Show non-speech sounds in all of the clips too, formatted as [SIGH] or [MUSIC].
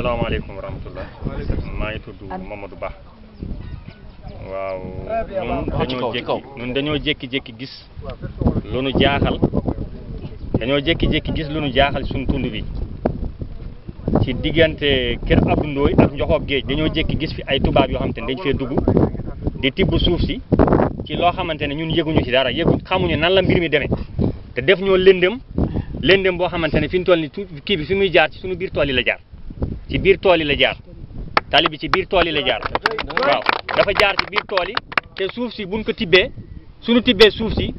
asalaamaaleykum wa rahmatulah. maa ngi tudd Mamadou Ba. du ñun dañoo jékki dañoo jékki-jékki gis lu nu jaaxal dañoo jëkki jékki gis lu nu jaaxal suñu tund bi ci diggante kër Abdou Ndoye ak Njoxoob Géej dañoo jékki gis fi ay tubaab yoo xam te ne dañ fee dugg di tibb suuf si ci loo xamante ne ñun yëguñu ci dara yëgu xamuñu nan la mbir mi demee te def ñoo lëndëm lëndëm boo xamante ne fi ñu toll ni kii bi fi muy jaar ci suñu biir tool yi la jaar ci biir tool yi la jaar tali bi ci biir tool yi la jaar waaw dafa jaar ci biir tool yi te suuf si buñ ko tibbee suñu tibbee suuf si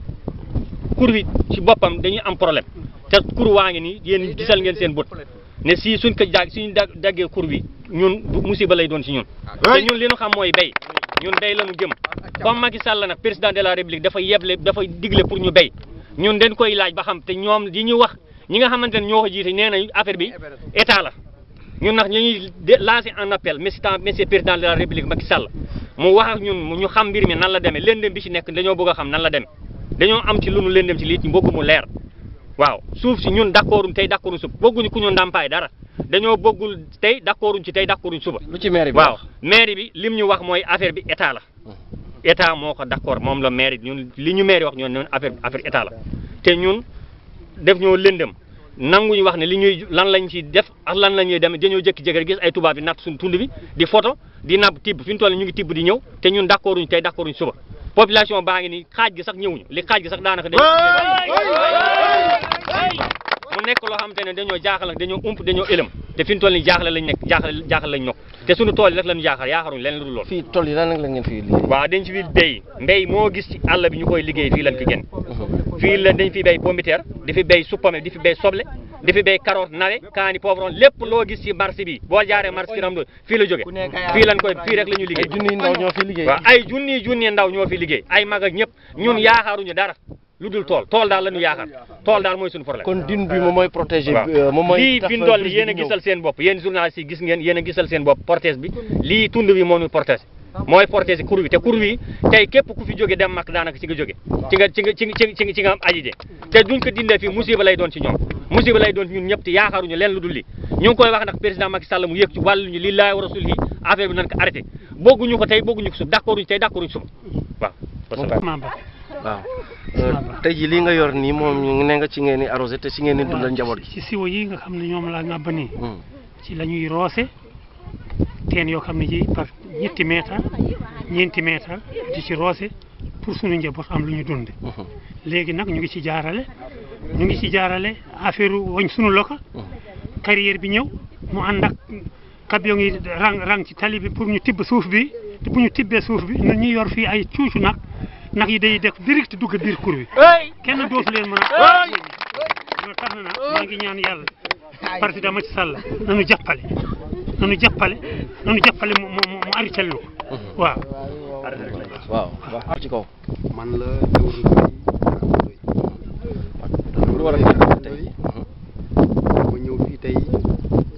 kur wi ci boppam dañuy am problème te kur waa ngi nii yéen gisal ngeen seen bët ne si suñ ko jaag suñu daggee kur wi ñun musiba lay doon si ñun te ñun li ñu xam mooy béy ñun béy la ñu jëm comme Macky Sall nag président de la république dafa yeble dafa digle pour ñu béy ñun dañ koy laaj ba xam te ñoom li ñu wax ñi nga xamante ne ñoo ko jiite nee na affaire bi état la ñun nag ñu ngi lancé un appel monsieur monsieur président de la république Macky Sall mu wax ak ñun ñu xam mi nan la demee lëndëm bi ci nekk dañoo bëgg a xam la demee dañoo am ci lu nu lëndëm ci lii ci bëgg mu leer waaw suuf si ñun d'accordum tey d'accorduñ suba bëgguñu ku ñu ndàmpaay dara dañoo bëggul tey d'accorduñ ci tey d'accorduñ lu ci mairie bi waaw mairie bi lim ñu wax mooy affaire bi état la. état moo ko d'accord moom la mairie ñun li ñu mairie wax ñoom ñun affaire affaire état la te ñun def ñoo lëndëm nangu ñu wax ne li ñuy lan lañ ci def ak lan la ñuy demee dañoo jékki-jékki gis ay tubaab yi natt suñ tund bi di photo di napp tibb fi ñu toll ñu ngi tibb di ñëw te ñun d'accorduñ tey d'accorduñ suba population baa ngi ni xaaj gi sax ñëwuñu li xaaj gi sax daanaka dañ mu nekk loo xamante ne dañoo jaaxal dañoo ump dañoo ëlëm te fi ñu toll nii jaaxle lañ nekk jaaxle jaaxle lañ ñokk te sunu tool yi rek lañu jaaxal yaakaaruñ leen lu dul lool tool yi lan la ngeen fi liggéey waaw dañ gis àll bi ñu koy liggéey fii lañ fi génn fii la dañ fi béy pombiteer di fi béy soble di fi béy carotte nawe kaani poivron lépp loo gis ci marché bi boo jaaree marché kiram lo fii la jóge fii lañ koy fii rek la ñu liggéey waaw ay junni junni ndaw ñoo fi liggéey ay mag ak ñëpp ñun yaakaaruñu dara lu dul tool tool daal la ñu yaakaar tool daal mooy suñu problème euh, lii fi ñu toll gisal seen bopp yéen journaliste yi gis ngeen yéen gisal seen bopp portège bi lii tund bi moo ñu portège mooy protéger kur wi te kur tey képp ku fi jóge dem mag daanaka ci nga jóge ci nga ci nga ci nga ci nga am aji je te duñ ko dindee fii lay doon ci ñoom musiba lay doon ci ñun ñëpp te yaakaaruñu leen lu dul ñu ngi koy wax nag président Macky Sall mu yëg ci wàlluñu lillahi wa rasulihi affaire bi nañ ko arrêté bëgguñu ko tey bëgguñu ko suuf d'accorduñu tey d'accorduñu suuf waaw waaw euh, tey jii lii nga yor nii moom ne nga ci ngeen di arrosé te si ngeen di dundal njaboot gi ci siwo yi nga xam hmm. la ñuy roose teen yoo xam ñetti meetar ñeenti meetar di ci roose pour suñu njaboot am lu ñu dund. Mhm. léegi nag ñu ngi ci jaarale ñu ngi ci jaarale affaire wañ suñu loka mhm. carrière bi ñëw mu ànd ak camion yi rang ci tali bi pour ñu tibb suuf bi te bu ñu tibbee suuf bi ñun ñu yor fii ay cuucu nag nag yi day def direct dugg biir kur bi kenn dootu leen mën a nag maa ngi ñaan yàlla président Macky Sall nañu jàppale nañu jàppale nañu jàppale mu mu ko mhm. waaw. ci kaw. man la lu ñëw fii tey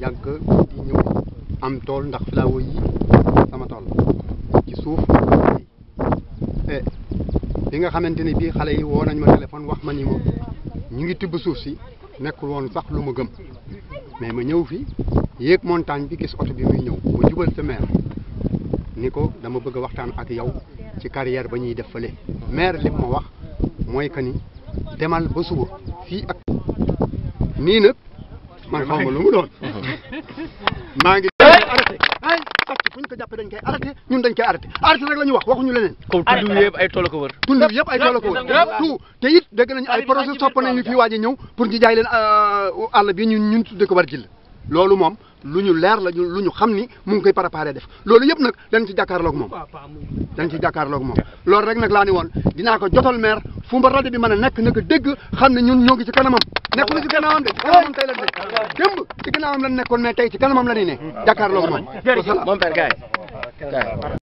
yàgg di ñëw am tool ndax filaawo yi sama tool ci suuf eh, bi nga xamante ni bii xale yi woo nañ ma téléphone wax ma ni ma ñu ngi tibb suuf si nekkul woon sax lu ma gëm mais ma ñëw fii. yéeg montagne bi gis oto bi muy ñëw mu jubal sa maire ni ko dama bëgg waxtaan ak yow ci carrière ba ñuy def fële maire li ma wax mooy que ni demal ba suba fii ak nii nag man xaw ma lu mu doon [LAUGHS] maa ngi arrêté ay parce que bu ñu dañ koy arrêté ñun dañ koy arrêté arrêté rek la ñu wax waxuñu leneen kaw tund yëpp ay tool ko wër tund yëpp ay tool ko te it dégg nañu ay projet sopp nañu fii waaj a ñëw pour ñu jaay leen euh, bi ñun ñun tudde ko war la loolu moom lu ñu leer la ñu lu ñu xam ni mu ngi koy préparé def loolu yëpp nag dañ si jàkkaarloog moom dañ ci jàkkaarloog moom loolu rek nag laa ni woon dinaa ko jotal maire fu mba rajo bi mën a nekk na ko dégg xam ne ñun ñoo ngi ci kanamam nekk na ci kanamam de ci kanamam tey lan de démb ci kanamam lan nekkoon mais tey ci kanamam la ñuy ne mm. jàkkaarloog moom